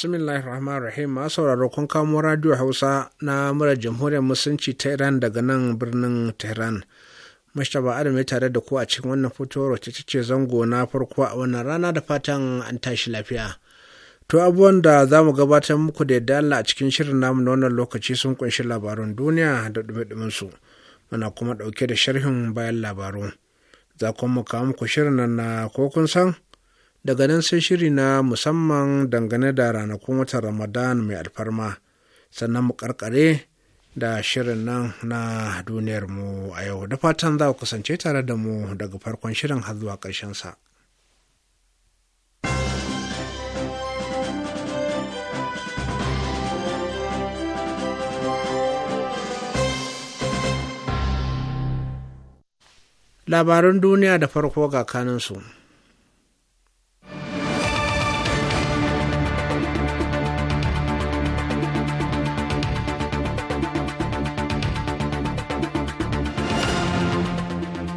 bismillahir rahmanir rahim ma sauraro kun kamo radio hausa na murar jamhuriyar musulunci ta iran daga nan birnin tehran mashtaba adam ya tare da ku a cikin wannan fitowar ta ce zango na farko a wannan rana da fatan an tashi lafiya to abubuwan da za mu gabatar muku da yadda Allah a cikin shirin namu na wannan lokaci sun kunshi labarun duniya da dumi su muna kuma ɗauke da sharhin bayan labaru za kuma mu kawo muku shirin nan na ko kun san daga nan sai shiri na musamman dangane da ranakun watan ramadan mai alfarma sannan mu karkare da shirin nan na duniyar mu a yau da fatan za ku kasance tare da mu daga farkon shirin har zuwa ƙarshen sa. Labaran duniya da farko ga kanunsu.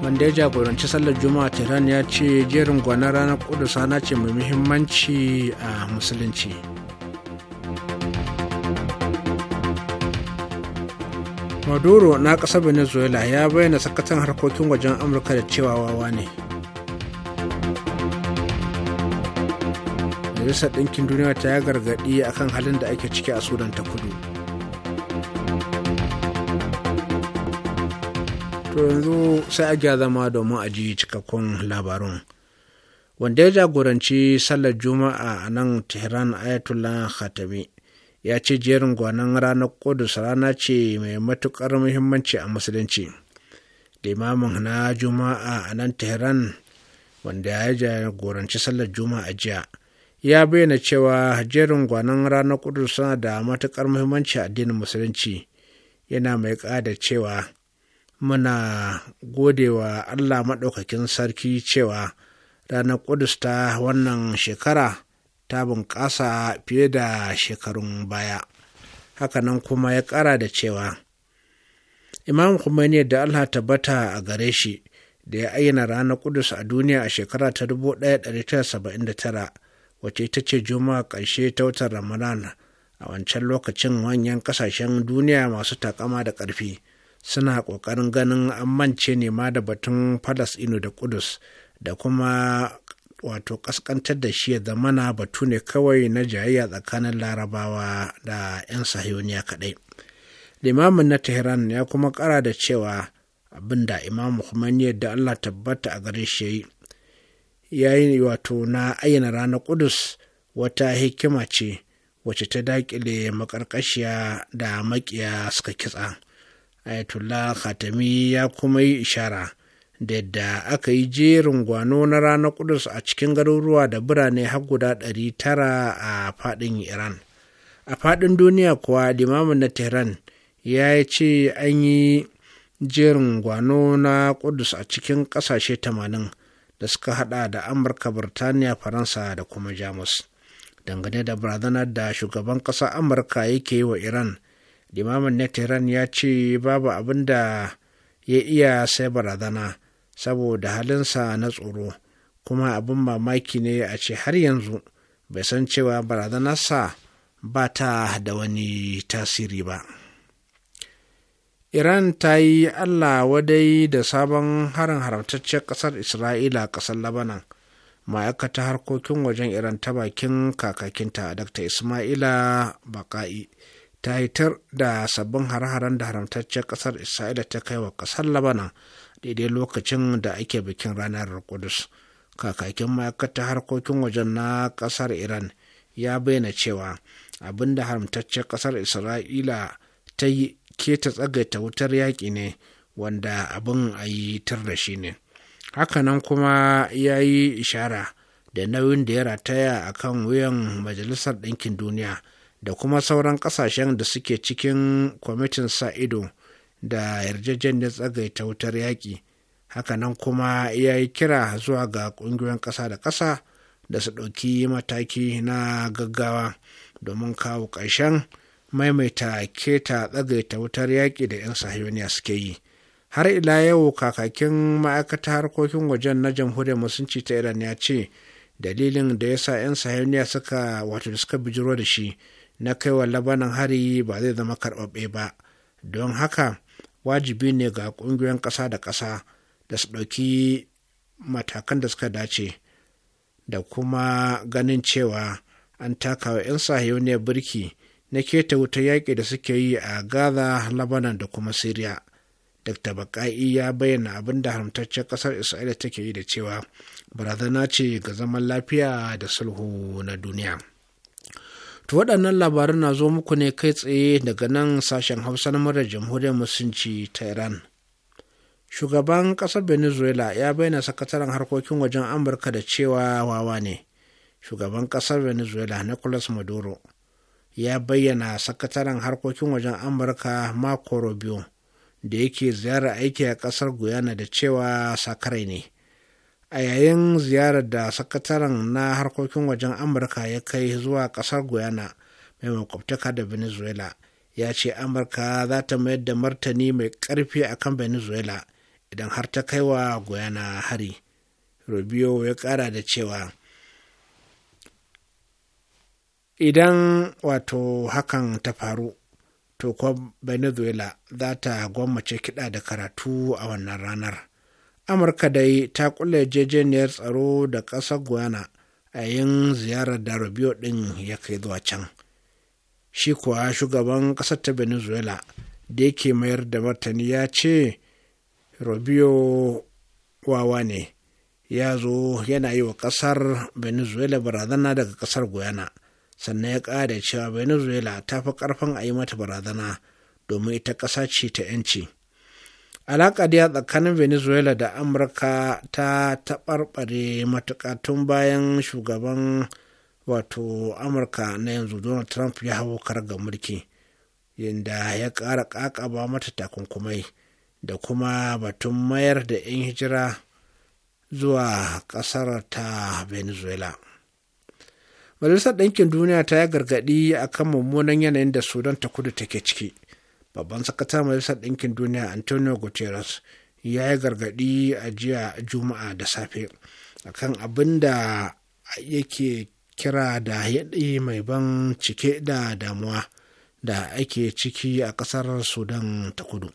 wanda ya jagoranci sallar juma'a tehran ya ce jerin gwanar ranar kudus rana ce mai muhimmanci a musulunci maduro na ƙasar venezuela ya bayyana sakatan harkokin wajen amurka da cewa wawa ne majalisar ɗinkin duniya ta ya gargaɗi akan halin da ake ciki a sudan ta kudu to yanzu sai a zama domin a ji cikakkun labarun wanda ya jagoranci sallar juma'a a nan tehran ayatollah khatami ya ce jerin gwanan ranar kudus rana ce mai matukar muhimmanci a musulunci limamin na juma'a a nan tehran wanda ya jagoranci sallar juma'a jiya ya bayyana cewa jerin gwanan ranar kudus suna da matukar muhimmanci a addinin musulunci yana mai kada cewa muna godewa allah maɗaukakin sarki cewa ranar ƙudus ta wannan shekara ta bunƙasa fiye da shekarun baya hakanan kuma ya ƙara da cewa imam Khomeini da allah tabbata a gare shi da ya ayyana ranar ƙudus a duniya a shekara ta 1979 wacce ita ce juma'a ƙarshe ta watan ramadan a wancan lokacin manyan ƙasashen duniya masu takama da ƙarfi suna ƙoƙarin ganin an mance ne ma da batun ino da kudus da kuma wato ƙasƙantar da shi ya zamana batu ne kawai na jayayya tsakanin larabawa da 'yan sahiyoniya kaɗai limamin na tehran ya kuma ƙara da cewa abin da imam Khomeini da allah tabbata a gare shi ya yi wato na ayyana ranar kudus wata hikima ce wacce ta daƙile maƙarƙashiya da maƙiya suka kitsa. ayatollah khatami ya kuma yi ishara da yadda aka yi jerin gwano na ranar kudus a cikin garuruwa da birane har guda 900 a fadin iran a fadin duniya kuwa limamin na tehran ya ce an yi jerin gwano na kudus a cikin kasashe 80 da suka hada da amurka birtaniya faransa da kuma jamus dangane da barazanar da shugaban ƙasa amurka yake yi wa iran limamin na tehran ya ce babu abin da ya iya sai barazana saboda halinsa na tsoro kuma abin mamaki ne a ce har yanzu bai san cewa barazanarsa ba ta da wani tasiri ba iran ta yi allah wadai da sabon harin haramtaccen ƙasar isra'ila ƙasar labanan ma'aikata harkokin wajen iran ta bakin kakakinta dr ismaila baka'i ta yi tar da sabbin hare-haren da haramtaccen ƙasar isra'ila ta kai wa ƙasar labanan daidai lokacin da ake bikin ranar kudus kakakin ma'aikatar harkokin wajen na ƙasar iran ya bayyana cewa abin da haramtaccen ƙasar isra'ila ta yi ke ta tsagaita wutar yaƙi ne wanda abin a yi tar da shi ne hakanan kuma ya yi ishara da nauyin da ya rataya a kan wuyan majalisar ɗinkin duniya da kuma sauran kasashen da suke cikin kwamitin sa ido da yarjejeniyar tsagaita wutar yaƙi hakanan kuma ya yi kira zuwa ga ƙungiyoyin ƙasa da ƙasa da su ɗauki mataki na gaggawa domin kawo ƙarshen maimaita keta tsagaita wutar yaƙi da 'yan sahiyoniya suke yi har ila yau kakakin ma'aikata harkokin wajen na jamhuriyar musulunci ta iran ya ce dalilin da ya sa 'yan sahiyoniya suka wato da suka bijiro da shi na kaiwa labanan hari ba zai zama karɓaɓɓe ba don haka wajibi ne ga ƙungiyoyin ƙasa da ƙasa da su ɗauki matakan da suka dace da kuma ganin cewa an takawa 'yan ne birki na keta wuta yaƙi da suke yi a gaza labanan da kuma siriya dr baka'i ya bayyana abin da haramtaccen ƙasar isra'ila take yi da cewa barazana ce ga zaman lafiya da sulhu na duniya To waɗannan labaran na zo muku ne kai tsaye daga nan sashen Hausa na murar Jamhuriyar Musulunci ta Iran. Shugaban ƙasar Venezuela ya bayyana sakataren harkokin wajen Amurka da cewa wawa ne. Shugaban ƙasar Venezuela Nicolas Maduro ya bayyana sakataren harkokin wajen Amurka Marco Rubio da yake ziyarar aiki a ƙasar Guyana da cewa sakarai ne. a yayin ziyarar da sakataren na harkokin wajen amurka ya kai zuwa kasar guyana mai makwabtaka da venezuela ya ce amurka za ta mayar da martani mai karfi a kan venezuela idan har ta kai wa guyana hari rubio ya kara da cewa idan wato hakan ta faru to kuwa venezuela za ta gwammace kiɗa da karatu a wannan ranar amurka dai ta kula yarjejeniyar tsaro da ƙasar guyana a yin ziyarar da rubio ɗin ya kai zuwa can shi kuwa shugaban ƙasar ta venezuela da yake mayar da martani ya ce rubio wawa ne ya zo yana yi wa ƙasar venezuela barazana daga ƙasar guyana sannan ya ƙada cewa venezuela ta fi ƙarfin a yi mata barazana domin ita ƙasa ce ta 'yanci. alaƙa dai tsakanin venezuela da amurka ta taɓarɓare matuƙa tun bayan shugaban wato amurka na yanzu donald trump ya hau ga mulki yadda ya ƙara ƙaƙaba mata takunkumai da kuma batun mayar da 'yan hijira zuwa ƙasar ta venezuela majalisar ɗinkin duniya ta ya gargaɗi akan mummunan yanayin da sudan ta kudu take ciki babban sakataren majalisar ɗinkin duniya antonio guterres ya yi gargaɗi a jiya juma'a da safe akan abin da yake kira da yaɗi mai ban cike da damuwa da ake ciki a ƙasar sudan ta kudu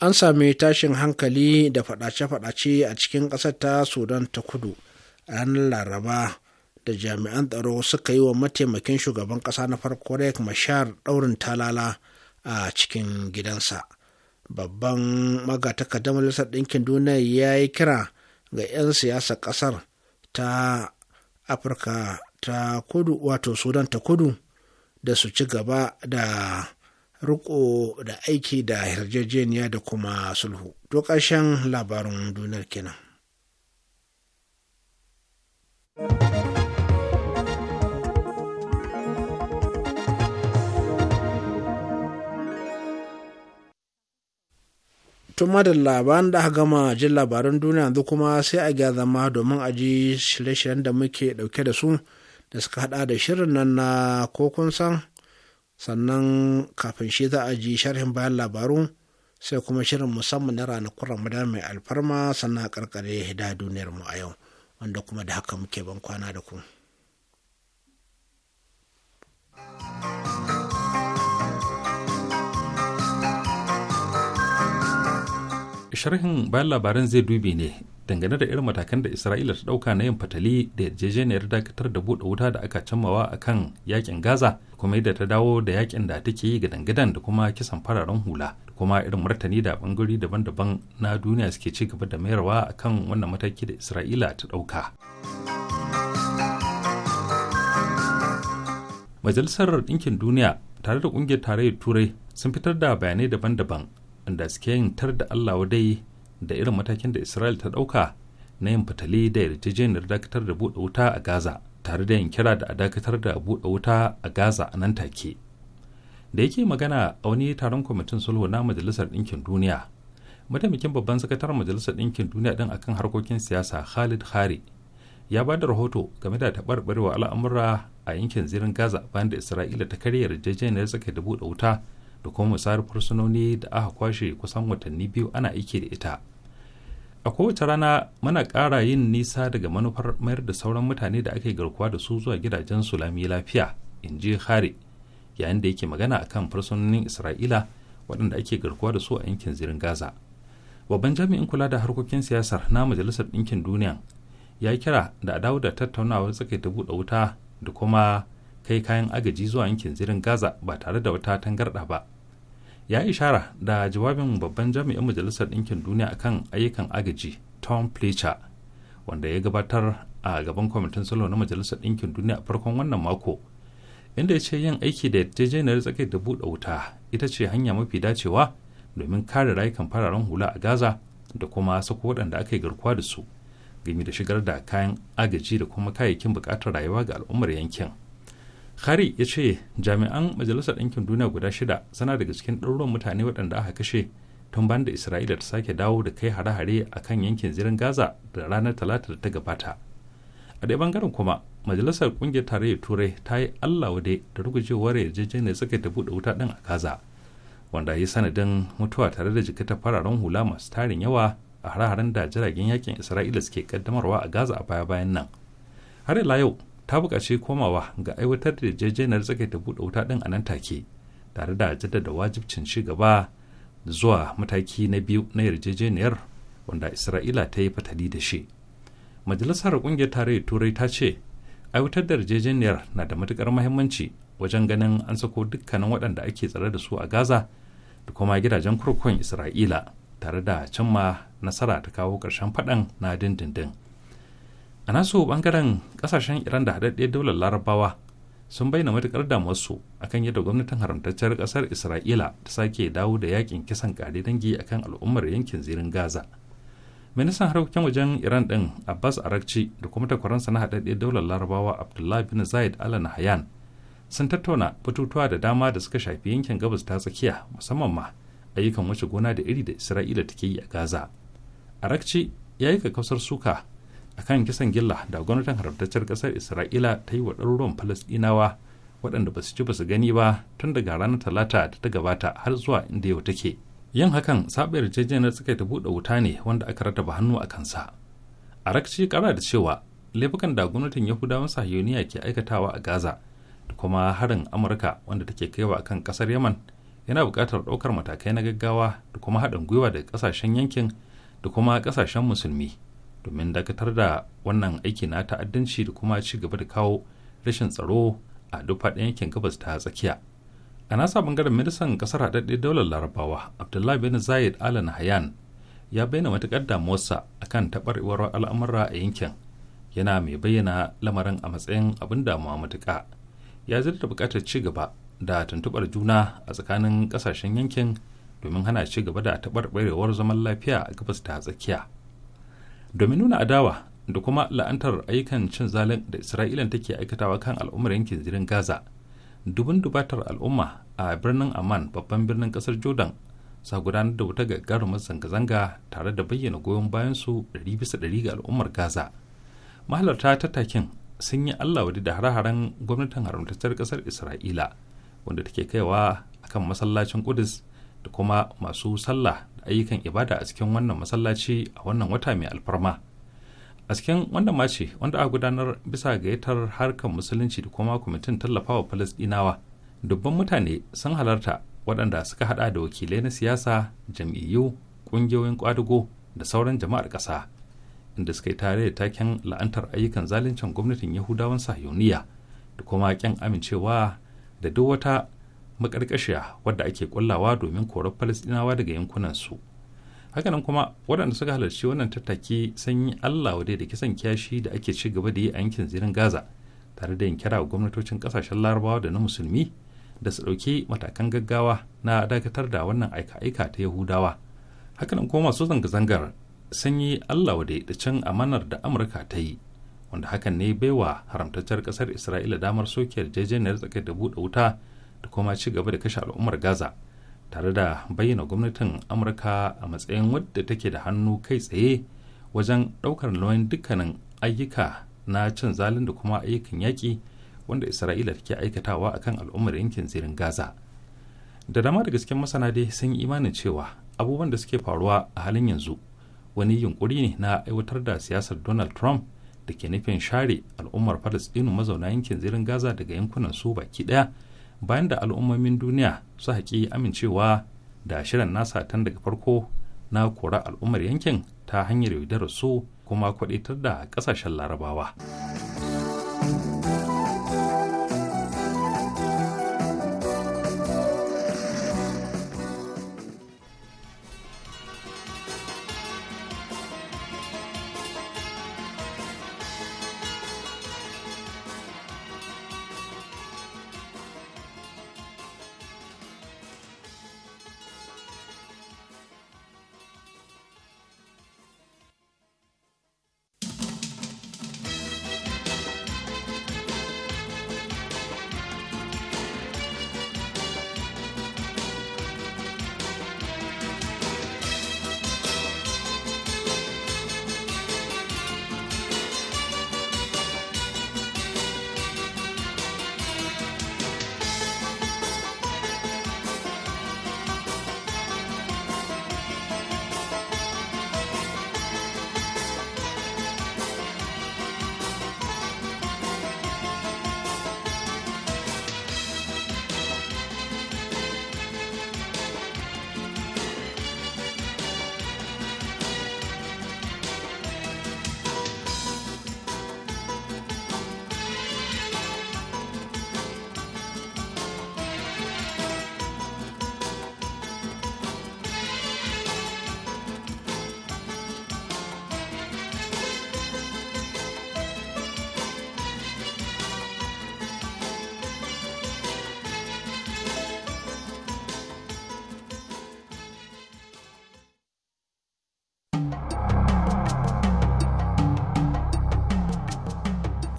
an sami tashin hankali da faɗace-faɗace a cikin ƙasar ta sudan ta kudu a ranar laraba da jami'an tsaro suka yi wa mataimakin shugaban ƙasa na farko rek mashar ɗaurin talala a cikin gidansa babban magatakardar majalisar ɗinkin duniya ya yi kira ga 'yan siyasar ƙasar ta afirka ta kudu wato sudan ta kudu da su ci gaba da riko da aiki da yarjejeniya da kuma sulhu to ƙarshen labarin duniyar kenan. tun da labaran da aka gama jin labaran duniya yanzu kuma sai a gya zama domin a ji shirye-shiryen da muke dauke da su da suka hada da shirin nan na kokun san sannan kafin shi za a ji sharhin bayan labaru sai kuma shirin musamman na ranakun ramadan mai alfarma sannan a karkare da duniyar mu a yau wanda kuma da haka muke ban kwana da ku. thank you sharhin bayan labaran zai dubi ne dangane da irin matakan da isra'ila ta dauka na yin fatali da yarjejeniyar dakatar da buɗe wuta da aka cammawa a kan yakin gaza kuma yadda ta dawo da yakin da take yi ga dangadan da kuma kisan fararen hula da kuma irin martani da bangare daban-daban na duniya suke ci gaba da mayarwa a kan wannan mataki da isra'ila ta dauka. majalisar ɗinkin duniya tare da ƙungiyar tarayyar turai sun fitar da bayanai daban-daban da suke yin tar da Allah dai da irin matakin da Isra'il ta ɗauka na yin fitali da yarjejeniyar dakatar da buɗe wuta a Gaza tare da yin kira da a dakatar da buɗe wuta a Gaza a nan take. Da yake magana a wani taron kwamitin sulhu na Majalisar Ɗinkin Duniya, mataimakin babban sakataren Majalisar Ɗinkin Duniya ɗin akan harkokin siyasa Khalid Khari ya ba da rahoto game da taɓarɓarewa al'amura a yankin zirin Gaza bayan da Isra'ila ta karya yarjejeniyar tsaka da buɗe wuta da kuma musayar fursunoni da aka kwashe kusan watanni biyu ana aiki da ita a kowace rana muna ƙara yin nisa daga manufar mayar da sauran mutane da ake garkuwa da su zuwa gidajen su lami lafiya in ji hari yayin da yake magana akan fursunonin isra'ila waɗanda ake garkuwa da su a yankin zirin gaza babban jami'in kula da harkokin siyasar na majalisar ɗinkin duniya ya kira da a dawo da tattaunawar ta buɗe wuta da kuma kai kayan agaji zuwa yankin zirin gaza ba tare da wata tangarɗa ba ya ishara da jawabin babban jami'in majalisar ɗinkin duniya akan ayyukan agaji tom fletcher wanda ya gabatar a gaban kwamitin salo na majalisar ɗinkin duniya a farkon wannan mako inda ya ce yin aiki da yarjejeniyar tsakiyar da buɗe wuta ita ce hanya mafi dacewa domin kare rayukan fararen hula a gaza da kuma sako waɗanda aka yi garkuwa da su game da shigar da kayan agaji da kuma kayayyakin buƙatar rayuwa ga al'ummar yankin Khari ya ce jami'an Majalisar Ɗinkin Duniya guda shida sana daga cikin ɗaruruwan mutane waɗanda aka kashe tun ban da Isra'ila ta sake dawo da kai hare-hare a kan yankin zirin Gaza da ranar Talata da ta gabata. A ɗaya bangaren kuma Majalisar Ƙungiyar Tarayyar Turai ta yi Allah wade da rugujewar da suka ta buɗe wuta ɗin a Gaza wanda ya yi sanadin mutuwa tare da jikita fararen hula masu tarin yawa a hare-haren da jiragen yakin Isra'ila suke kaddamarwa a Gaza a baya-bayan nan. Har ila yau ta buƙaci komawa ga aiwatar da yarjejeniyar tsakaita buɗe wuta ɗin a nan take tare da jaddada wajibcin ci gaba zuwa mataki na biyu na yarjejeniyar wanda isra'ila ta yi fatali da shi majalisar ƙungiyar tarayyar turai ta ce aiwatar da yarjejeniyar na da matuƙar muhimmanci wajen ganin an sako dukkanin waɗanda ake tsare da su a gaza da kuma gidajen kurkukun isra'ila tare da cimma nasara ta kawo ƙarshen faɗan na dindindin a nasu bangaren kasashen iran da haɗaɗɗiyar daular larabawa sun bayyana matukar damuwarsu akan yadda gwamnatin haramtacciyar kasar isra'ila ta sake dawo da yakin kisan kare dangi akan al'ummar yankin zirin gaza ministan harkokin wajen iran din abbas arakci da kuma takwaransa na haɗaɗɗiyar daular larabawa abdullahi bin zayed al nahyan sun tattauna batutuwa da dama da suka shafi yankin gabas ta tsakiya musamman ma ayyukan wuce gona da iri da isra'ila take yi a gaza arakci ya yi kakkausar suka a kan kisan gilla da gwamnatin haramtaccen kasar isra'ila ta yi wa ɗaruruwan falasɗinawa waɗanda ba su ci ba su gani ba tun daga ranar talata da ta gabata har zuwa inda yau take yin hakan saɓa yarjejeniyar suka ta buɗe wuta ne wanda aka rataba hannu a kansa a arakci kara da cewa laifukan da gwamnatin yahudawan sahiyoniya ke aikatawa a gaza da kuma harin amurka wanda take kaiwa kan ƙasar yaman yana buƙatar ɗaukar matakai na gaggawa da kuma haɗin gwiwa daga ƙasashen yankin da kuma ƙasashen musulmi domin dakatar da wannan aiki na ta'addanci da kuma ci gaba da kawo rashin tsaro a duk faɗin yankin gabas ta tsakiya a nasa bangaren ministan kasar haɗaɗɗe daular larabawa abdullahi bin zayed al hayan ya bayyana matuƙar damuwarsa akan taɓarɓarwar al'amura a yankin yana mai bayyana lamarin a matsayin abin damuwa matuƙa ya zirta buƙatar ci gaba da tuntuɓar juna a tsakanin ƙasashen yankin domin hana ci gaba da taɓarɓarewar zaman lafiya a gabas ta tsakiya domin nuna adawa da kuma la'antar ayyukan cin zalin da isra'ila take aikatawa kan al'ummar yankin zirin gaza dubin dubatar al'umma a birnin amman babban birnin kasar jordan sa gudanar da wuta gagarumar zanga-zanga tare da bayyana goyon bayan bayansu 100% ga al'ummar gaza mahalarta tattakin sun yi allah wadi da hare-haren gwamnatin haramtattar kasar isra'ila wanda take kaiwa akan masallacin kudus da kuma masu sallah ayyukan ibada a cikin wannan masallaci a wannan wata mai alfarma a cikin wanda mace wanda a gudanar bisa gayyatar harkar musulunci da kuma kwamitin tallafawa falasdinawa dubban mutane sun halarta waɗanda suka haɗa da wakilai na siyasa jam'iyyu ƙungiyoyin ƙwadago da sauran jama'ar ƙasa inda suka yi tare da taken la'antar ayyukan zaluncin gwamnatin yahudawan sahiyoniya da kuma ƙin amincewa da duk wata makarkashiya wadda ake kullawa domin korar falastinawa daga yankunansu hakanan kuma waɗanda suka halarci wannan tattaki sun yi allah wadai da kisan kyashi da ake ci gaba da yi a yankin zirin gaza tare da yin kira gwamnatocin ƙasashen larabawa da na musulmi da su ɗauki matakan gaggawa na dakatar da wannan aika-aika ta yahudawa hakanan kuma masu zanga-zangar sun yi allah wadai da cin amanar da amurka ta yi wanda hakan ne baiwa haramtacciyar ƙasar isra'ila damar soke yarjejeniyar tsakar da buɗe wuta da kuma ci gaba da kashe al'ummar gaza tare da bayyana gwamnatin amurka a matsayin wadda take da hannu kai tsaye wajen ɗaukar nauyin dukkanin ayyuka na cin zalin da kuma ayyukan yaƙi wanda isra'ila take aikatawa akan al'ummar yankin zirin gaza da dama da gasken masana dai sun yi imanin cewa abubuwan da suke faruwa a halin yanzu wani yunkuri ne na aiwatar da siyasar donald trump da ke nufin share al'ummar falasɗinu mazauna yankin zirin gaza daga yankunan su baki ɗaya. bayan da al'ummomin duniya su haƙi amincewa da shirin nasa tun daga farko na kora al'ummar yankin ta hanyar yaudarar su kuma kwaɗitar da ƙasashen larabawa.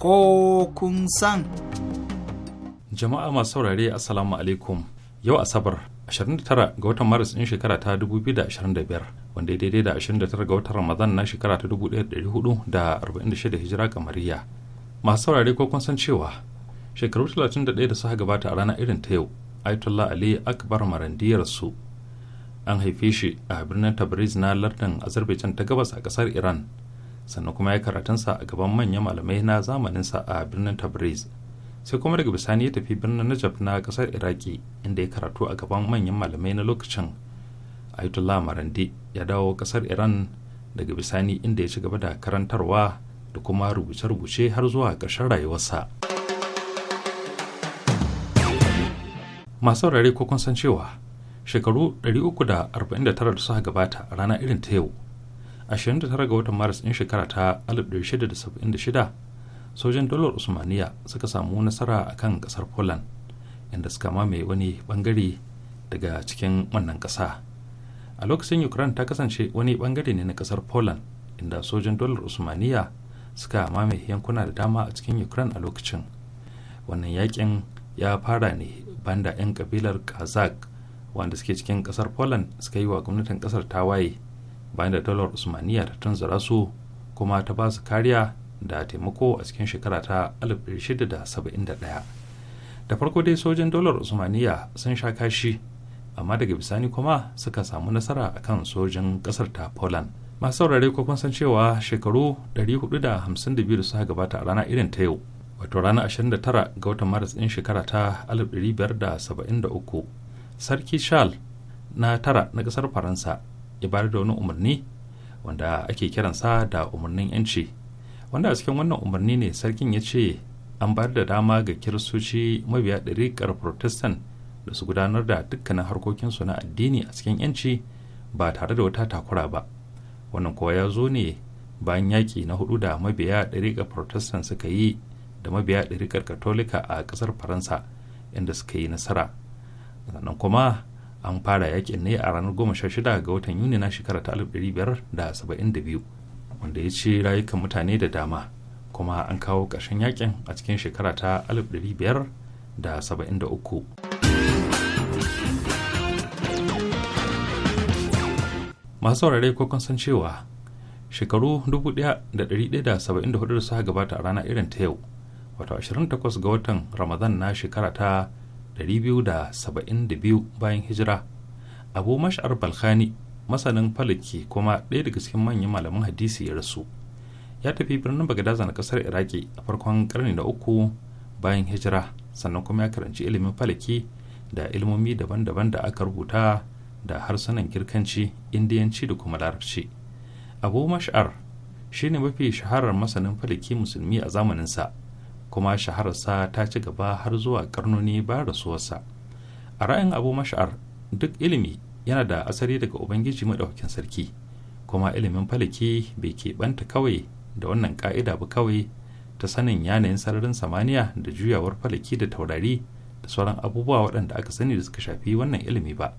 ko kun san. Jama'a masu saurare Assalamu alaikum. Yau Asabar 29 ga watan Maris ɗin shekara ta 2025 wanda ya daidai da 29 ga watan Ramadan na shekara ta 1446 hijira kamariya. Masu saurare ko kun san cewa shekaru 31 da suka gabata a ranar irin ta yau Ayatollah Ali Akbar Marandiyar su an haife shi a birnin Tabriz na lardin Azerbaijan ta gabas a ƙasar Iran sannan kuma ya karatunsa a gaban manyan malamai na zamaninsa a birnin tabriz sai kuma daga bisani ya tafi birnin najaf na kasar iraki inda ya karatu a gaban manyan malamai na lokacin ayatollah marandi ya dawo kasar iran daga bisani inda ya ci gaba da karantarwa da kuma rubuce-rubuce har zuwa ƙarshen rayuwarsa masu saurare ko kun san cewa shekaru 349 da suka gabata a rana irin ta yau 29 ga watan maris ɗin shekara ta 1676 sojan dolar usmaniya suka samu nasara a kan ƙasar poland inda suka mamaye wani bangare daga cikin wannan ƙasa a lokacin ukraine ta kasance wani bangare ne na ƙasar poland inda sojan dolar usmaniya suka mamaye yankuna da dama a cikin ukraine a lokacin wannan yakin ya fara ne banda 'yan kabilar kazakh wanda suke cikin ƙasar poland suka yi wa gwamnatin kasar tawaye bayan da dalar usmaniya ta tanzara su kuma ta ba su kariya da taimako a cikin shekara ta 1671 da farko dai sojin dalar usmaniya sun sha kashi amma daga bisani kuma suka samu nasara akan sojin kasar ta poland masu saurare ko kun san cewa shekaru 452 da suka gabata a rana irin ta yau wato ranar 29 ga watan maris din shekara ta 1573 sarki charles na tara na kasar faransa ya bayar da wani umarni wanda ake kiransa da umarnin yanci wanda a cikin wannan umarni ne sarkin ya ce an bayar da dama ga kiristoci mabiya ɗariƙar protestant da su gudanar da dukkanin harkokinsu na addini a cikin yanci ba tare da wata takura ba wannan kowa ya zo ne bayan yaƙi na hudu da mabiya ɗariƙar protestant suka yi da mabiya ɗariƙar katolika a ƙasar faransa inda suka yi nasara sannan kuma an fara yakin ne a ranar 16 ga watan yuni na shekara ta 1572 wanda ya ce rayukan mutane da dama kuma an kawo ƙarshen yakin a cikin shekara ta 1573 masu saurare ko kun san cewa shekaru 1174 da suka gabata a rana irin ta yau wato 28 ga watan ramadan na shekara ta 272 bayan hijira abu mash'ar balkani masanin falaki kuma ɗaya daga cikin manyan malaman hadisi ya rasu ya tafi birnin bagadaza na ƙasar iraki a farkon karni na uku bayan hijira sannan kuma ya karanci ilimin falaki da ilmomi daban-daban da aka rubuta da harsunan girkanci indiyanci da kuma larabci abu mash'ar shine mafi shaharar masanin falaki musulmi a zamaninsa kuma shahararsa ta ci gaba har zuwa karnoni bayan rasuwarsa a ra'ayin abu mash'ar duk ilimi yana da asari daga ubangiji maɗaukakin sarki kuma ilimin falaki bai keɓanta kawai da wannan ƙa'ida ba kawai ta sanin yanayin sararin samaniya da juyawar falaki da taurari da sauran abubuwa waɗanda aka sani da suka shafi wannan ilimi ba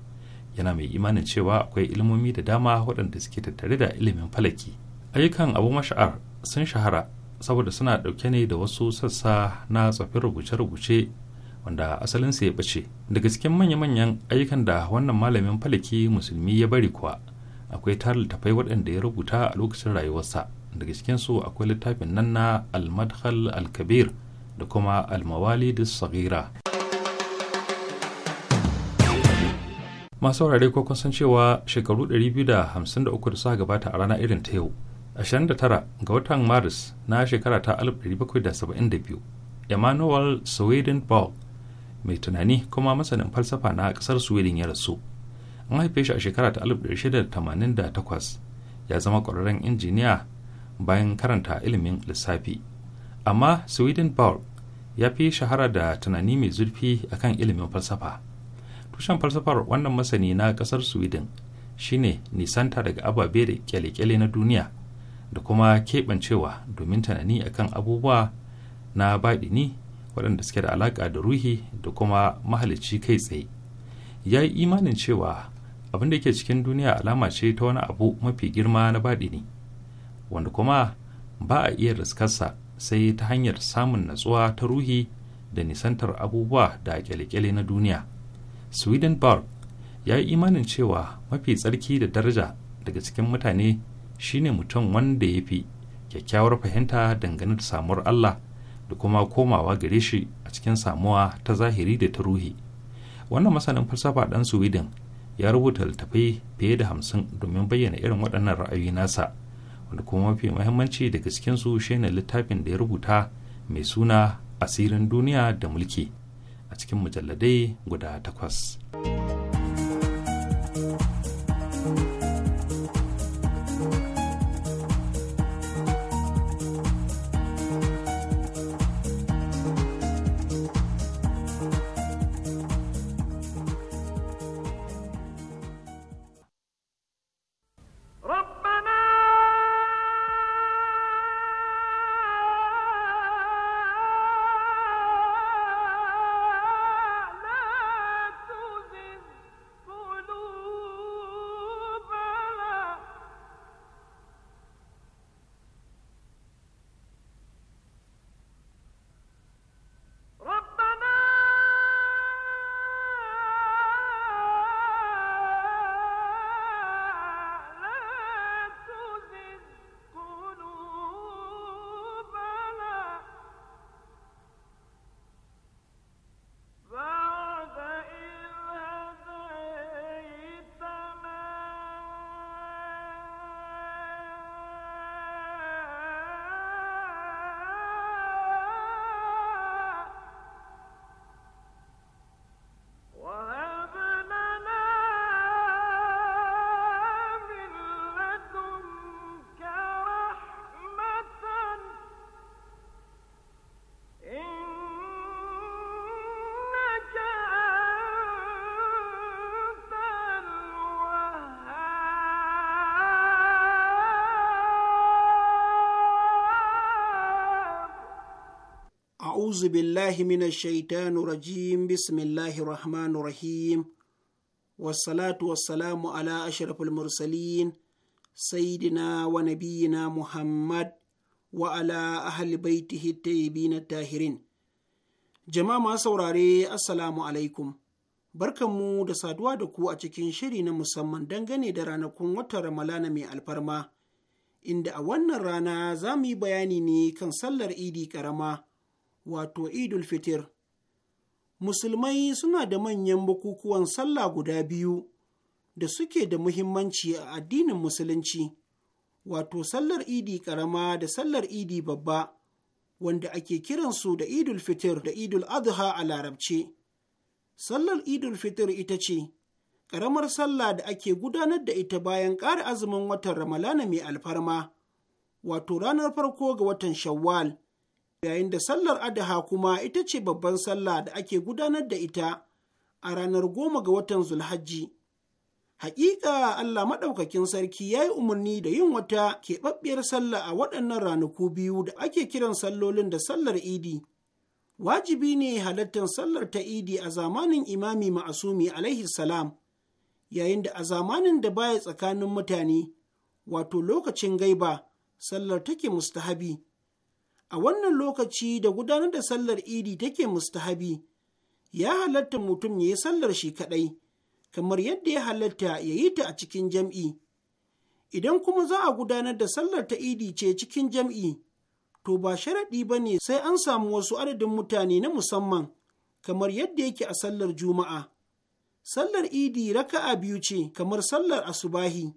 yana mai imanin cewa akwai ilimomi da dama waɗanda suke tattare da ilimin falaki ayyukan abu mash'ar sun shahara saboda suna ɗauke ne da wasu sassa na tsafin rubuce-rubuce wanda asalinsu ya bace daga cikin manya-manyan ayyukan da wannan malamin falaki musulmi ya bari kuwa akwai tarin littafai waɗanda ya rubuta a lokacin rayuwarsa daga cikin su akwai littafin nan na al alkabir da kuma al-mawalid saghira masu wurare ko san cewa shekaru 253 da suka gabata a rana irin ta yau 29 ga watan maris na shekara ta 1772 emmanuel swedenborg mai tunani kuma masanin falsafa na kasar sweden ya rasu an haife shi a shekara ta 1688 ya zama ƙwararren injiniya bayan karanta ilimin lissafi amma swedenborg ya fi shahara da tunani mai zurfi akan ilimin falsafa tushen falsafar wannan masani na kasar sweden shine nisanta daga ababe da kyale-kyale na duniya da kuma keɓancewa domin tunani kan abubuwa na baɗi ne waɗanda suke da alaƙa da ruhi da kuma mahalicci kai tsaye ya yi imanin cewa abin da ke cikin duniya alama ce ta wani abu mafi girma na baɗi ne wanda kuma ba a iya riskarsa sai ta hanyar samun natsuwa ta ruhi da nisantar abubuwa da kyale-kyale na duniya swedenborg ya yi imanin cewa mafi tsarki da daraja daga cikin mutane shine mutum wanda ya fi kyakkyawar fahimta dangane da samuwar Allah da kuma komawa gare shi a cikin samuwa ta zahiri da ta ruhi wannan masanin falsafa ɗan sweden ya rubuta littattafai fiye da hamsin domin bayyana irin waɗannan ra'ayoyi nasa wanda kuma mafi muhimmanci daga cikinsu shine littafin da ya rubuta mai suna asirin duniya da mulki a cikin mujalladai guda takwas. أعوذ بالله من الشيطان الرجيم بسم الله الرحمن الرحيم والصلاة والسلام على أشرف المرسلين سيدنا ونبينا محمد وعلى أهل بيته الطيبين الطاهرين جماعة سوراري السلام عليكم barkanmu da saduwa da ku a cikin shiri na musamman dangane da ranakun watan Ramalana mai alfarma, inda a wannan rana za mu yi bayani ne kan sallar idi ƙarama wato idul fitir musulmai suna da manyan bukukuwan sallah guda biyu da suke da muhimmanci a addinin musulunci wato sallar idi karama da sallar idi babba wanda ake kiransu da idul fitir da idul adha a larabce sallar idul fitir ita ce ƙaramar sallah da ake gudanar da ita bayan ƙara azumin watan ramalana mai alfarma wato ranar farko ga watan shawwal yayin da sallar adaha kuma ita ce babban sallah da ake gudanar da ita a ranar goma ga watan zulhajji Hakika Allah maɗaukakin sarki ya yi umarni da yin wata keɓaɓɓiyar sallah a waɗannan ranaku biyu da ake kiran sallolin da sallar idi. Wajibi ne halattar sallar ta idi a zamanin imami ma'asumi alaihi salam, yayin da a zamanin da baya tsakanin mutane, wato lokacin gaiba, sallar take mustahabi. a wannan lokaci da gudanar da sallar idi take mustahabi ya halatta mutum ya yi sallar shi kaɗai kamar yadda ya halatta ya yi ta a cikin jam'i idan kuma za a gudanar da sallar ta idi ce cikin jam'i to ba sharaɗi ba ne sai an samu wasu adadin mutane na musamman kamar yadda yake a sallar juma'a sallar idi raka'a biyu ce kamar sallar asubahi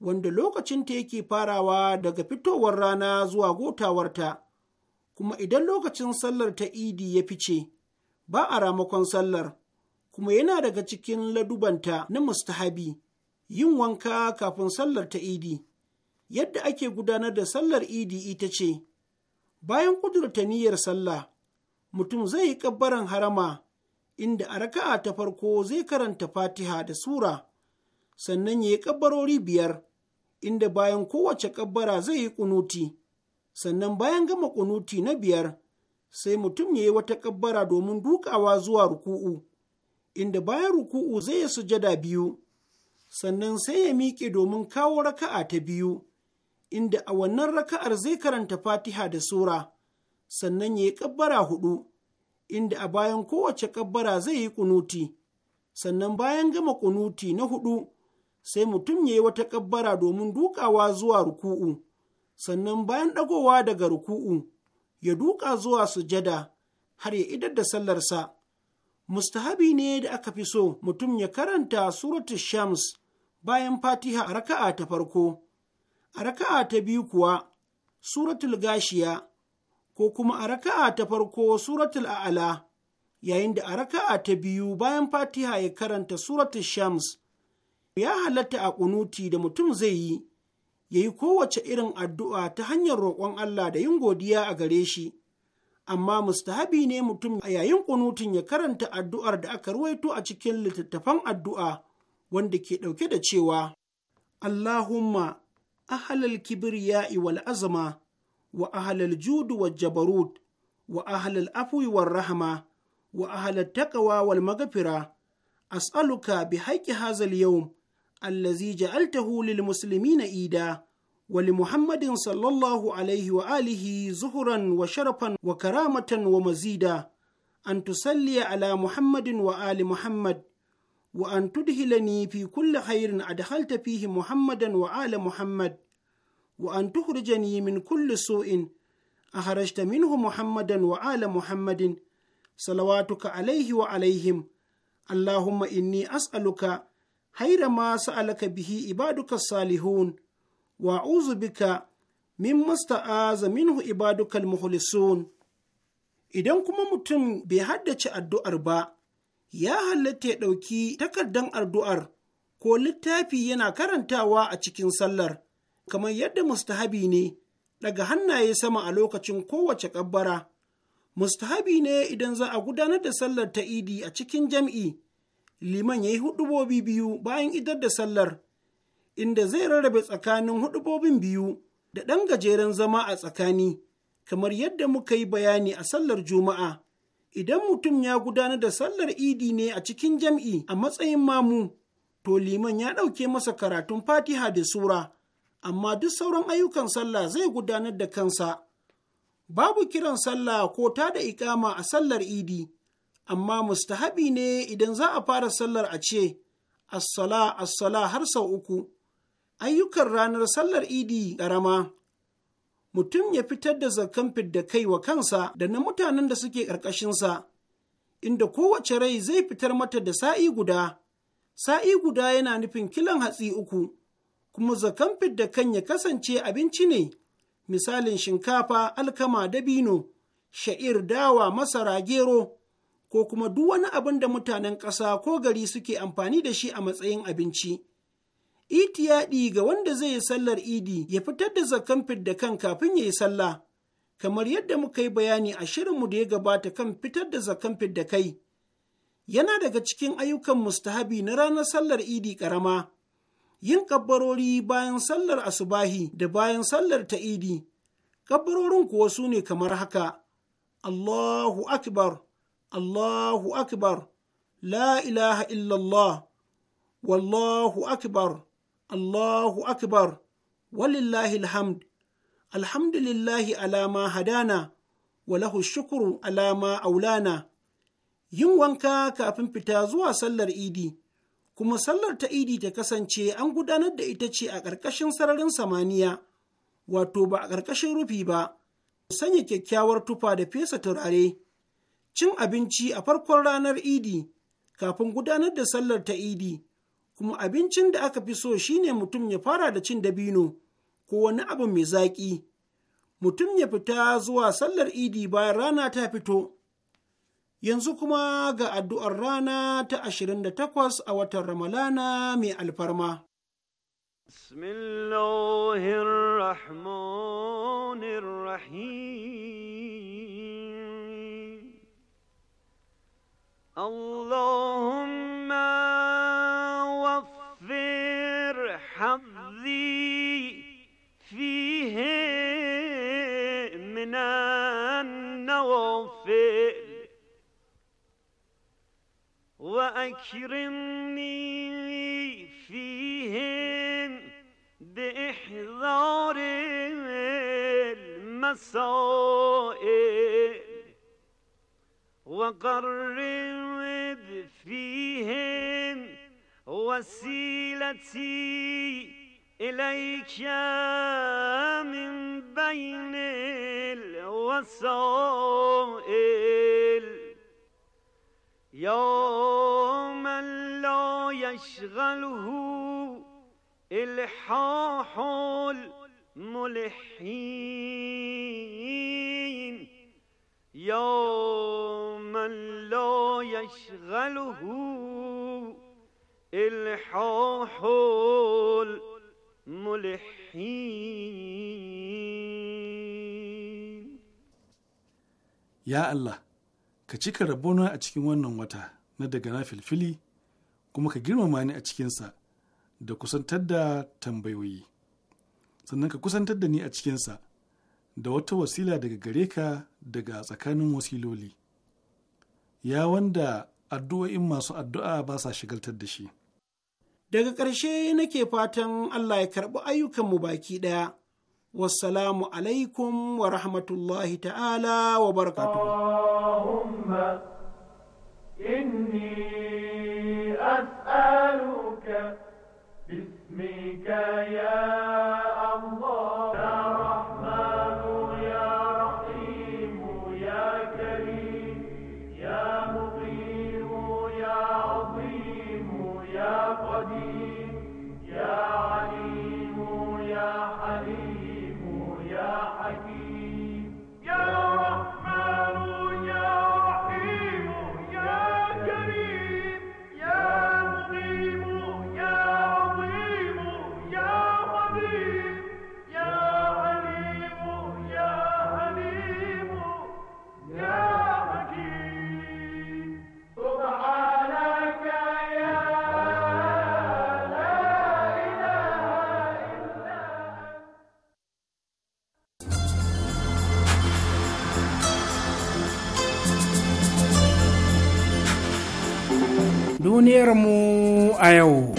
wanda lokacinta yake farawa daga fitowar rana zuwa gotawarta kuma idan lokacin sallar ta idi ya fice ba a ramakon sallar kuma yana daga cikin ladubanta na mustahabi yin wanka kafin sallar ta idi yadda ake gudanar da sallar idi ita ce bayan kudurta niyyar sallah mutum zai yi ƙabbaran harama inda a raka'a ta farko zai karanta fatiha da sura sannan ya yi ƙabbarori biyar inda bayan kowace ƙabbara zai yi kunuti. sannan bayan gama kunuti na biyar sai mutum ya yi wata kabbara domin dukawa zuwa ruku'u inda bayan ruku'u zai yi sujada biyu sannan sai ya miƙe domin kawo raka'a ta biyu inda a wannan raka'ar zai karanta fatiha da sura sannan ya yi kabbara hudu inda a bayan kowace kabbara zai yi kunuti sannan bayan gama kunuti na hudu sai mutum ya yi wata kabbara domin dukawa zuwa ruku'u sannan bayan ɗagowa daga ruku'u ya duka zuwa sujada har ya idar da sallarsa. Mustahabi ne da aka fi so mutum ya karanta suratul Shams bayan Fatiha a raka'a ta farko, a raka'a ta biyu kuwa suratul Gashiya ko kuma a raka'a ta farko suratul A'ala, yayin da a raka'a ta biyu bayan Fatiha ya karanta suratul Shams. Ya halatta a kunuti da mutum zai yi. ya yi kowace irin addu'a ta hanyar roƙon Allah da yin godiya a gare shi, amma mustahabi ne mutum a yayin kunutun ya karanta addu'ar da aka ruwaito a cikin littattafan addu'a wanda ke ɗauke da cewa, Allahumma ahalal kibriya'i wal azama wa ahalal judu wa jabarut wa ahalal afuwi wal rahama wa ahalal takawa wal magafira as'aluka bi haƙi hazal yau. allazi ja'altahu lil muslimina ida wa li muhammadin sallallahu alaihi wa alihi zuhuran wa sharafan wa karamatan wa mazida an tusalliya ala muhammadin wa ali muhammad wa an tudhilani fi kulli khairin adkhalta fihi muhammadan wa ali muhammad wa an tukhrijani min kulli su'in Muhammadan wa محمدا muhammadin salawatuka alaihi wa alaihim, Allahuma inni asaluka. haira ma sa'alaka bihi ibaduka salihun wa bika min musta'aza minhu ibadukal mukhlisun idan kuma mutum bai haddace addu'ar ba ya halatta ya ɗauki takardan addu'ar ko littafi yana karantawa a cikin sallar kamar yadda mustahabi ne daga hannaye sama a lokacin kowace ƙabbara mustahabi ne idan za a gudanar da sallar ta idi a cikin jam'i liman ya yi huɗubobi biyu bayan idar da sallar inda zai rarrabe tsakanin huɗubobin biyu da ɗan gajeren zama a tsakani kamar yadda muka yi bayani a sallar juma'a idan mutum ya gudanar da sallar idi ne a cikin jam'i a matsayin mamu to liman ya ɗauke masa karatun fatiha da sura amma duk sauran ayyukan sallah zai gudanar da kansa babu kiran sallah ko ta da ikama a sallar idi amma mustahabi ne idan za a fara sallar a ce assala assala har sau uku ayyukan ranar sallar idi ƙarama mutum ya fitar da zakamfin fidda kai wa kansa da na mutanen da suke ƙarƙashinsa inda kowace rai zai fitar mata da sa'i guda sa'i guda yana nufin kilan hatsi uku kuma zakamfin fidda kan ya kasance abinci ne misalin shinkafa alkama dabino sha'ir dawa masara gero ko kuma duk wani abin da mutanen ƙasa ko gari suke amfani da shi a matsayin abinci. Itiyaɗi ga wanda zai yi sallar idi ya fitar da zakan fidda kan kafin ya yi sallah, kamar yadda muka yi bayani a shirinmu da ya gabata kan fitar da zakan fidda kai. Yana daga cikin ayyukan mustahabi na ranar sallar idi ƙarama, yin kabbarori bayan sallar asubahi da bayan sallar ta idi. Kabbarorin kuwa su ne kamar haka, Allahu Akbar. Allahu akbar la ilaha illallah wallahu akbar Allahu akbar walillahi alhamd alhamdulillahi alama hadana walahu shukuru alama aulana yin wanka kafin fita zuwa sallar idi kuma sallar ta idi ta kasance an gudanar da ita ce a ƙarƙashin sararin samaniya wato ba a ƙarƙashin rufi ba sanya kyakkyawar tufa da fesa turare cin abinci a farkon ranar idi kafin gudanar da sallar ta idi kuma abincin da aka fi so shine mutum ya fara da cin dabino ko wani abu mai zaƙi mutum ya fita zuwa sallar idi bayan rana ta fito yanzu kuma ga addu'ar rana ta 28 a watan ramalana mai alfarma Bismillahirrahmanirrahim اللهم وفر حظي فيه من النوافل وأكرمني فيهم بإحضار المسائل وقرر فيهم وسيلتي إليك من بين الوسائل من لا يشغله الحاح الملحين يوما لا يشغله الحاح الملحين يا الله ka cika rabona a cikin wannan wata na daga na filfili kuma ka girmama ni a cikinsa da kusantar da tambayoyi sannan ka kusantar da ni a cikinsa da wata wasila daga gare ka daga tsakanin wasiloli ya wanda addu'o'in masu addu'a ba sa shigaltar da shi daga ƙarshe nake fatan allah ya karɓi ayyukanmu baki ɗaya wassalamu alaikum wa rahmatullahi ta'ala wa barakatu إني أسألك duniyarmu a yau.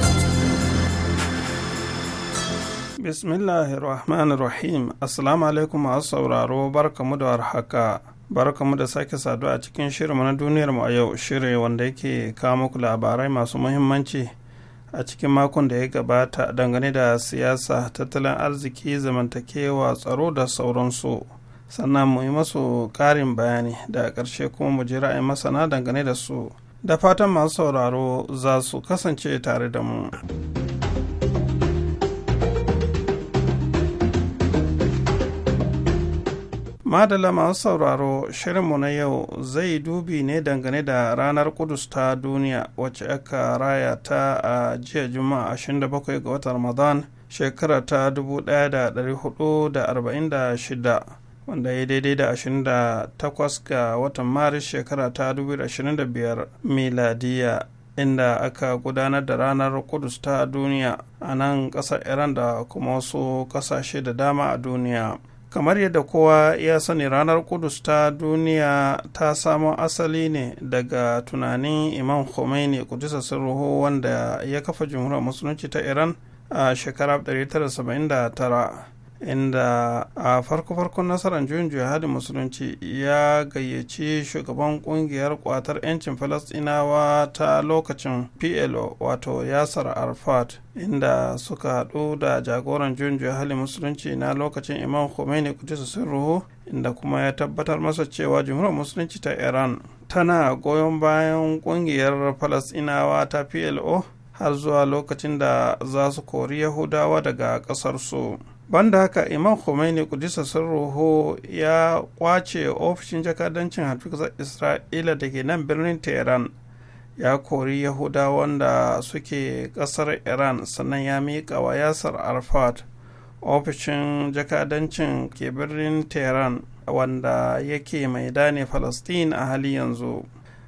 Bismillahirrahmanirrahim. Assalamu alaikum masu sauraro barkamu da warhaka. Barkamu da sake saduwa a cikin shirinmu na duniyarmu a yau, shirin wanda yake kawo muku labarai masu muhimmanci a cikin makon da ya gabata dangane da siyasa, tattalin arziki, zamantakewa, tsaro da sauransu. Sannan mu yi masu ƙarin bayani da ƙarshe kuma mu ji ra'ayin masana dangane da su. da fatan masu sauraro za su kasance tare da mu. Madala masu sauraro shirinmu na yau zai dubi ne dangane da ranar kudus ta duniya wacce aka raya ta a jiya juma'a 27 ga watan ramadan shekara ta 1446 wanda ya daidai da 28 ga watan maris shekara ta 2025 miladiya inda aka gudanar da ranar kudus ta duniya a nan kasar iran da kuma wasu kasashe da dama a duniya kamar yadda kowa ya sani ranar kudus ta duniya ta samo asali ne daga tunanin imam khomeini kudusa sirruhu wanda ya kafa jamhuriyar musulunci ta iran a shekarar inda a farko-farkon nasarar juyin hadin musulunci ya gayyaci shugaban kungiyar kwatar 'yancin falastinawa ta lokacin plo wato yasar arfat inda suka haɗu da jagoran juyin jihadin musulunci na lokacin imam khomeini sun ruhu inda kuma ya tabbatar masa cewa jumhuriyar musulunci ta iran tana goyon bayan kungiyar falastinawa ta plo har zuwa lokacin da za su kori yahudawa daga ƙasarsu. su banda haka imam khomeini kudisa roho ya kwace ofishin jakadancin hafizar isra'ila da ke nan birnin tehran ya kori yahuda wanda suke kasar iran sannan ya miƙa wa yasar arfat ofishin jakadancin ke birnin tehran wanda yake mai dane falastin a hali yanzu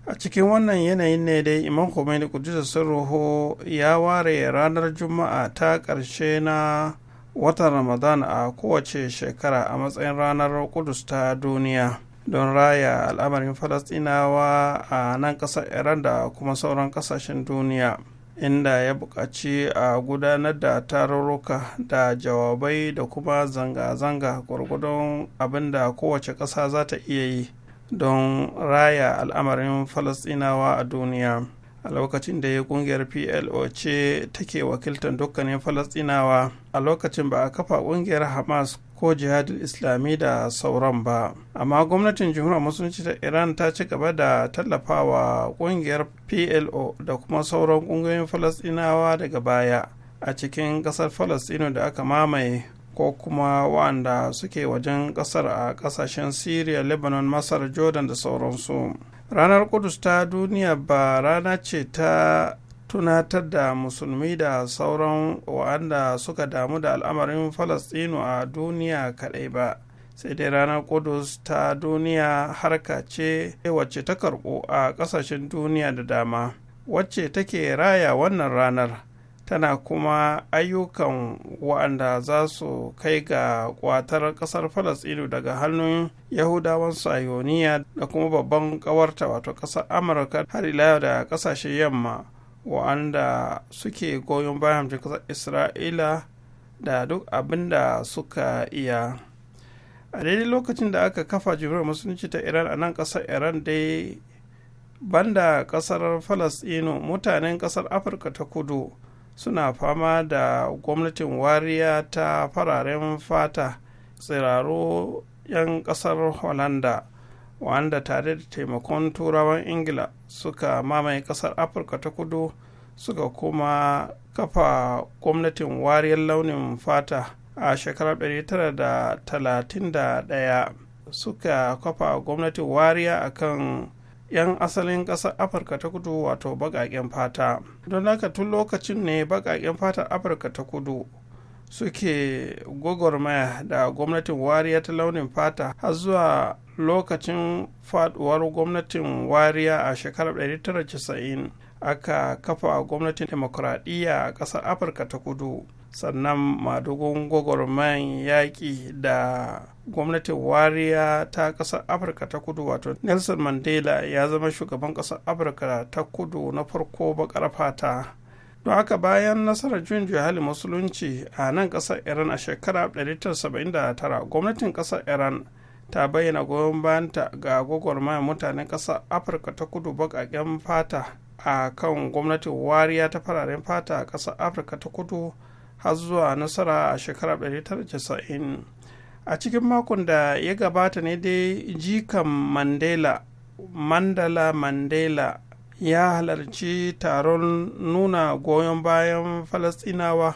a cikin wannan yanayin ne dai imam khomeini kudisa roho ya ware ranar juma'a ta ƙarshe na watan ramadan a kowace shekara a matsayin ranar kudus ta duniya don raya al'amarin falastinawa a nan ƙasar iran da kuma sauran ƙasashen duniya inda ya buƙaci a gudanar da tarurruka da jawabai da kuma zanga-zanga gwargwadon abin da kowace ƙasa za ta iya yi don raya al'amarin falastinawa a duniya. a lokacin da ya kungiyar plo ce take wakiltar dukkanin falastinawa a lokacin ba a kafa kungiyar hamas ko jihadin islami da sauran ba amma gwamnatin jamhuriyar musulunci ta iran ta ci gaba da tallafawa kungiyar plo da kuma sauran kungiyoyin falastinawa daga baya a cikin kasar falastino da aka mamaye ko kuma waɗanda suke wajen ƙasar a kasashen syria lebanon masar jordan da sauransu ranar kudus ta duniya ba rana ce ta tunatar da musulmi da sauran wa'anda suka damu da al'amarin falastinu a duniya kaɗai ba sai dai ranar kudus ta duniya harka ce wacce ta karɓo a ƙasashen duniya da dama wacce take raya wannan ranar tana kuma ayyukan waɗanda za su kai ga kwatar ƙasar falasɗinu daga hannun yahudawan sayoniya da kuma babban ƙawarta wato ƙasar amurka har ila da ƙasashen yamma waɗanda suke goyon bayan ƙasar isra'ila da duk abin da suka iya a daidai lokacin da aka kafa jimurar musulunci ta iran a nan ƙasar iran dai banda ƙasar falasɗinu mutanen ƙasar afirka ta kudu suna fama da gwamnatin wariya ta fararen fata tsiraro 'yan kasar holanda wanda tare da taimakon turawan ingila suka mamaye kasar afirka ta kudu suka kuma kafa gwamnatin wariyar launin fata a shekarar 1931 suka kafa gwamnatin wariya akan 'yan asalin ƙasar afirka ta kudu wato baƙaƙen fata don haka tun lokacin ne baƙaƙen fatar afirka ta kudu suke gwagwarmaya da gwamnatin wariya ta launin fata har zuwa lokacin faduwar gwamnatin wariya a shekarar 1990 aka kafa gwamnatin demokuraɗiyya a ƙasar afirka ta kudu sannan madugun gwagwarmayan yaƙi da gwamnatin wariya ta ƙasar afirka ta kudu wato nelson mandela ya zama shugaban ƙasar afirka ta kudu na farko baƙar fata don haka bayan nasarar juyin juhali musulunci a nan ƙasar iran a shekara 1979 gwamnatin ƙasar iran ta bayyana goyon bayanta ga gwagwarmayar mutanen ƙasar afirka ta kudu baƙaƙen fata a kan gwamnatin wariya ta fararen fata a ƙasar afirka ta kudu har zuwa nasara a shekarar 1990 a cikin makon da ya gabata ne dai jikan mandela mandala mandela ya halarci taron nuna goyon bayan falastinawa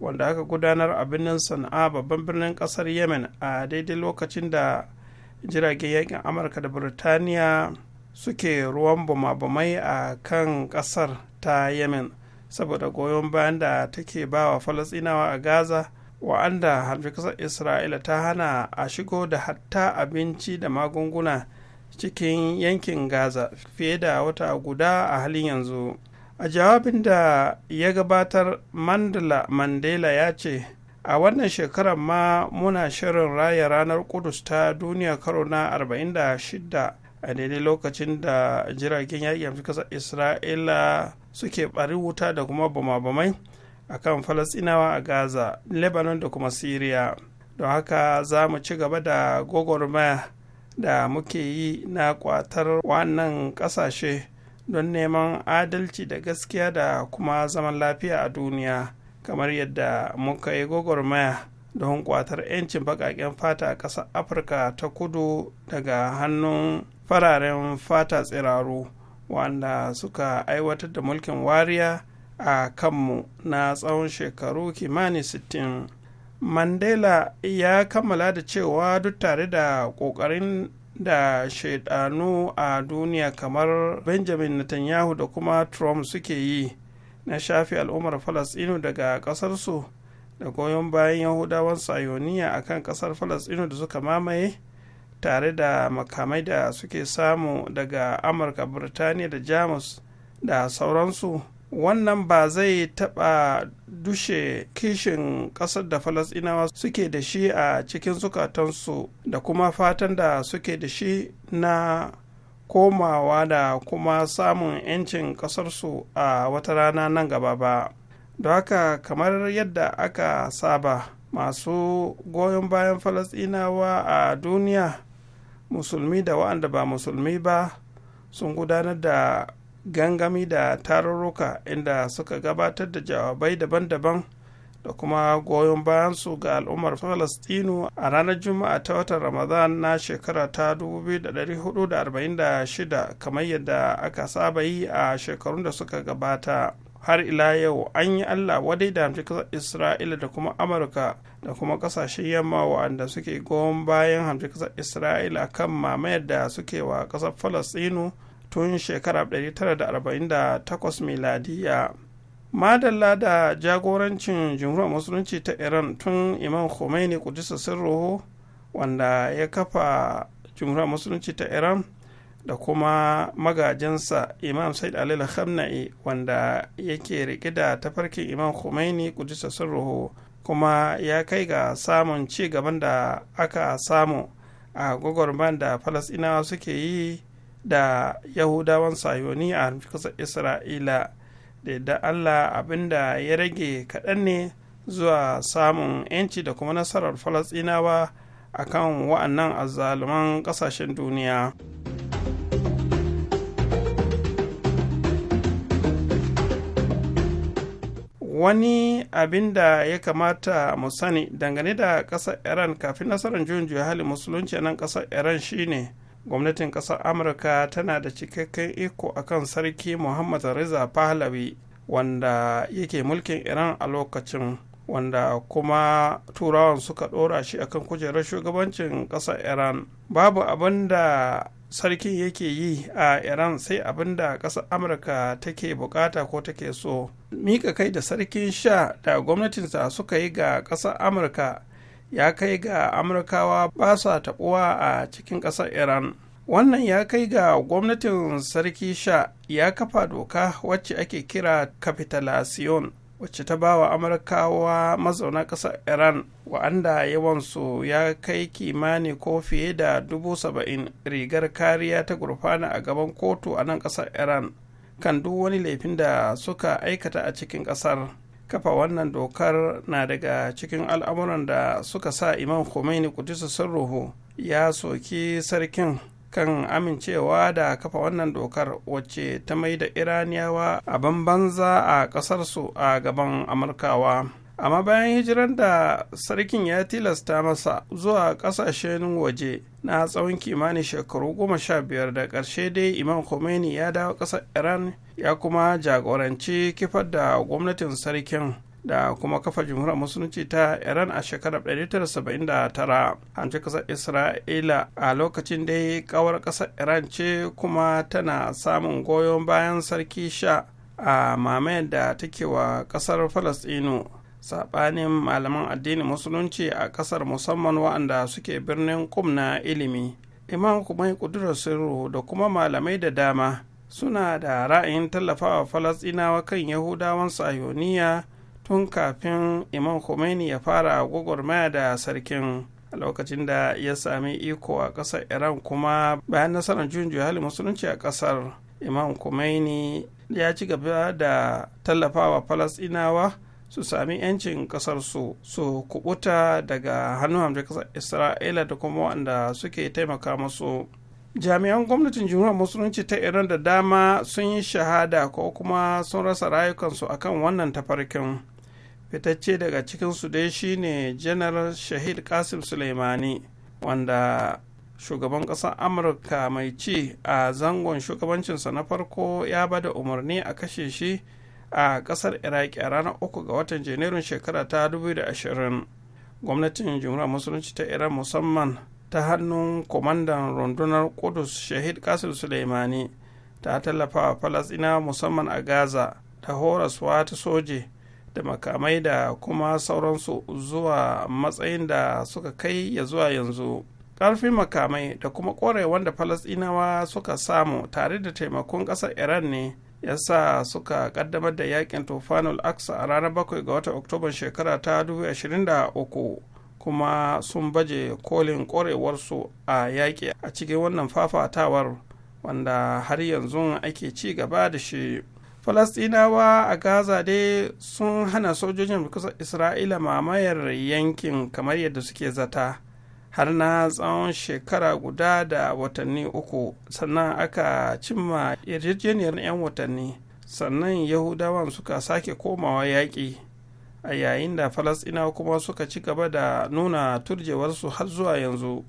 wanda aka gudanar a birnin sana'a babban birnin kasar yemen a daidai lokacin da jiragen yakin amurka da birtaniya suke ruwan bama-bamai a kan kasar ta yemen saboda goyon bayan da take bawa falastinawa a gaza wa'anda harfi kasar isra'ila ta hana a shigo da hatta abinci da magunguna cikin yankin gaza fiye da wata guda a halin yanzu a jawabin da ya gabatar mandela mandela ya ce a wannan shekarar ma muna shirin raya ranar kudus ta duniya karo na 46 a daidai lokacin da jiragen yaƙi kasar isra'ila suke ɓari wuta da kuma bama-bamai a kan falasinawa a gaza lebanon da kuma syria don haka za mu ci gaba da gwagwarmaya da muke yi na kwatar wannan kasashe don neman adalci da gaskiya da kuma zaman lafiya a duniya kamar yadda muka yi gwagwarmaya don kwatar 'yancin baƙaƙen fata a ƙasar afirka ta kudu daga hannun fararen fata tsiraru wanda suka aiwatar da mulkin wariya a kanmu na tsawon shekaru kimanin sittin. mandela ya kammala da cewa duk tare da ƙoƙarin da shaidanu a duniya kamar benjamin netanyahu da kuma trump suke yi na shafi al'ummar falasɗinu daga ƙasarsu da goyon bayan yahudawan sayoniya a kan ƙasar falasɗinu da suka mamaye tare da makamai da suke samu daga amurka birtaniya da jamus da sauransu wannan ba zai taɓa dushe kishin ƙasar da falasɗinawa suke da shi a cikin zukatansu da kuma fatan da suke da shi na komawa da kuma samun 'yancin ƙasarsu a wata rana nan gaba ba da haka kamar yadda aka saba masu goyon bayan falasɗinawa a duniya musulmi da wa'anda ba musulmi ba sun gudanar da gangami da tarurruka inda suka gabatar da jawabai daban-daban da kuma goyon bayansu ga al'ummar falastinu a ranar juma'a ta watan ramadan na shekara ta 2446 kamar yadda aka saba yi a shekarun da suka gabata har ila yau an yi allah wadai da hamshi kasar isra'ila da kuma amurka da kuma kasashen yamma wa'anda suke goyon bayan hamshi kasar isra'ila kan mamayar da suke wa kasar falastinu tun shekarar 1948 miladiya madalla da jagorancin jumhuriyar musulunci ta iran tun imam khomeini kudisa sirruhu wanda ya kafa jumhuriyar musulunci ta iran da kuma magajinsa imam said alil khamna'i wanda yake rike da tafarkin imam khomeini kudisa sirruhu kuma ya kai ga samun ci gaban da aka samu a gwagwarmar da falasinawa suke yi da yahudawan sayoni a ƙasar isra'ila da yadda allah abinda ya rage kaɗan ne zuwa samun 'yanci da kuma nasarar falasinawa a kan wa'annan azzaluman ƙasashen duniya wani abin da ya kamata mu sani dangane da ƙasar iran kafin nasarar juyin juya hali musulunci nan ƙasar iran shine gwamnatin ƙasar amurka tana da cikakken iko akan sarki muhammad Riza pahlavi wanda yake mulkin iran a lokacin wanda kuma turawan suka ɗora shi akan kujerar shugabancin ƙasar iran babu abin da sarkin yake yi a iran sai abin da ƙasar amurka take bukata ko take so mika kai da sarkin sha da gwamnatinsa suka yi ga ƙasar amurka ya kai ga amurkawa ba sa taɓuwa a cikin ƙasar iran wannan ya kai ga gwamnatin sarki sha ya kafa doka wacce ake kira capitulation wacce ta ba wa amurkawa mazauna ƙasar iran wa'anda yawansu ya kai kimani ko fiye da dubu saba'in rigar kariya ta gurfana a gaban kotu a nan ƙasar iran kan duk wani laifin da suka aikata a cikin ƙasar kafa wannan dokar na daga cikin al'amuran da suka sa imam khomeini sun ruhu ya soki sarkin kan amincewa da kafa wannan dokar wacce ta mai da iraniyawa a banza a ƙasarsu a gaban amurkawa amma bayan hijirar da sarkin ya tilasta masa zuwa kasashen waje na tsawon kimanin shekaru goma sha biyar da karshe dai imam khomeini ya dawo ƙasar iran ya kuma jagoranci kifar da gwamnatin sarkin da kuma kafa jimhuriyar musulunci ta iran a shekarar 1979 hanci kasar isra'ila a lokacin dai kawar ƙasar iran ce kuma tana samun goyon bayan sarki sha a mamayar da take wa ƙasar falasɗinu. saɓanin malaman addinin musulunci a ƙasar musamman waɗanda suke birnin kum na ilimi imam kumai kudurar sirru da kuma malamai da dama suna da ra'ayin tallafawa falasɗinawa kan yahudawan sayoniya tun kafin imam khomeini ya fara gwagwarmaya da sarkin a lokacin da ya sami iko a ƙasar iran kuma bayan nasarar juyin juhali musulunci a ƙasar imam khomeini ya ci gaba da tallafawa falasɗinawa su sami 'yancin ƙasarsu su kubuta daga hannun hamshin ƙasar isra'ila da kuma wanda suke taimaka musu jami'an gwamnatin jihar musulunci ta iran da dama sun yi shahada ko kuma sun rasa rayukansu akan wannan tafarkin fitacce daga cikinsu dai shine janar shahid kasim suleimani wanda shugaban ƙasar amurka mai ci a zangon shugabancinsa na farko ya bada umarni a kashe shi a kasar iraki a ranar uku ga watan janairun shekara ta 2020 gwamnatin jumhuriyar musulunci ta iran musamman ta hannun kwamandan rundunar kudus shahid kasir suleimani ta tallafa wa falasina musamman a gaza ta horaswa ta soje da makamai da kuma sauransu zuwa matsayin da suka kai ya zuwa yanzu ƙarfin makamai da kuma ƙorewan da falasɗinawa suka samu tare da taimakon ƙasar iran ne ya sa suka kaddamar da yakin tufanul aksa a ranar 7 ga watan oktoban shekara ta 2023 kuma sun baje kolin korewarsu a yaƙi a cikin wannan fafatawar wanda har yanzu ake ci gaba da shi falastinawa a gaza dai sun hana sojojin kusa isra'ila mamayar yankin kamar yadda suke zata har na tsawon shekara guda da watanni uku sannan aka cimma yarjejeniyar 'yan watanni sannan yahudawan suka sake komawa yaƙi a yayin da falasɗinawa kuma suka ci gaba da nuna turjewarsu har zuwa yanzu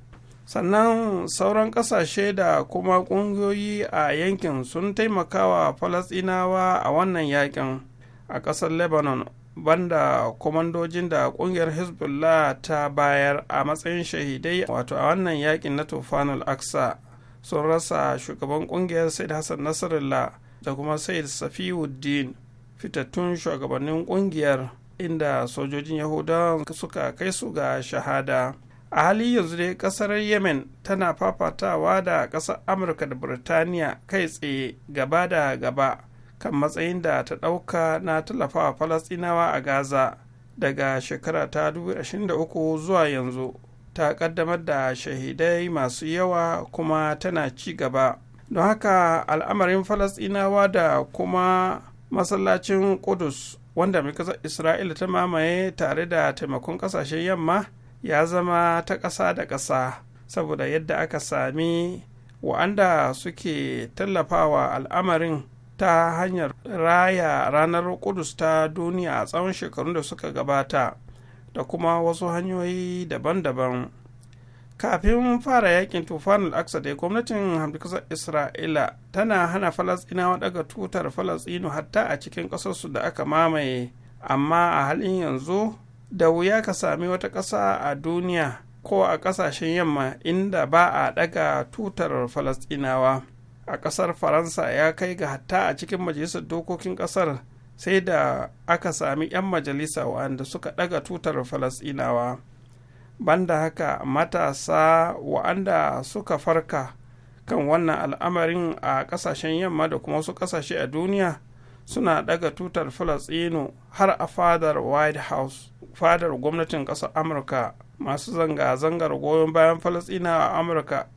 sannan sauran ƙasashe da kuma ƙungiyoyi a yankin sun taimakawa falasɗinawa a wannan yaƙin a ƙasar lebanon banda kwamandojin da kungiyar hezbollah ta bayar a matsayin shahidai wato a wannan yakin na tufanul aksa sun rasa shugaban kungiyar said hassan nasarallah da kuma said safiuddin fitattun shugabannin kungiyar inda sojojin yahudawan suka kai su ga shahada a hali yanzu dai kasar yemen tana fafatawa da kasar amurka da birtaniya kai tsaye gaba da gaba kan matsayin da ta ɗauka na tallafawa falasɗinawa a gaza daga shekara ta 2023 zuwa yanzu ta ƙaddamar da shahidai masu yawa kuma tana ci gaba don haka al'amarin falasɗinawa da kuma masallacin kudus wanda mikasar isra'ila ta mamaye tare da taimakon ƙasashen yamma ya zama ta ƙasa da ƙasa saboda yadda aka sami wa'anda suke tallafawa al'amarin ta hanyar raya ranar kudus ta duniya a tsawon shekarun da suka gabata da kuma wasu hanyoyi daban-daban kafin fara yakin tufanin aksa dai gwamnatin hamdukasa isra'ila tana hana falasɗinawa daga tutar falasɗinu hatta a cikin ƙasarsu da aka mamaye amma a halin yanzu da wuya ka sami wata ƙasa a duniya ko a ƙasashen yamma inda ba a daga tutar falasɗinawa a ƙasar faransa ya kai ga hatta a cikin majalisar dokokin ƙasar sai da aka sami 'yan majalisa wa'anda suka ɗaga tutar falasɗinawa banda haka matasa wa'anda suka farka kan wannan al'amarin a ƙasashen yamma da kuma wasu ƙasashe a duniya suna ɗaga tutar falasɗinu har a fadar white house fadar gwamnatin ƙasar amurka masu zanga-zangar goyon bayan falasɗinawa a amurka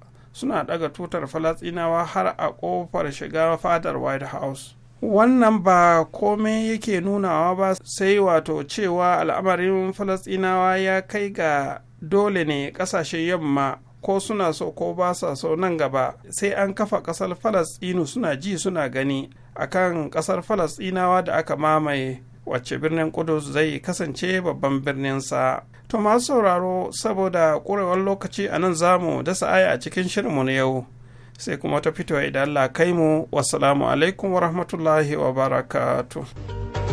suna daga tutar falasinawa har a kofar shiga fadar white house wannan ba komai yake nunawa ba sai wato cewa al'amarin falasinawa ya kai ga dole ne kasashen yamma ko suna so ko ba sa so nan gaba sai an kafa kasar falasɗinu suna ji suna gani akan kasar falasɗinawa da aka mamaye wacce birnin kudus zai kasance babban birninsa To masu sauraro saboda ƙurewar lokaci a nan mu dasa aya a cikin shirinmu na yau sai kuma ta fito idan Allah kai mu wasu alaikum wa rahmatullahi wa barakatu.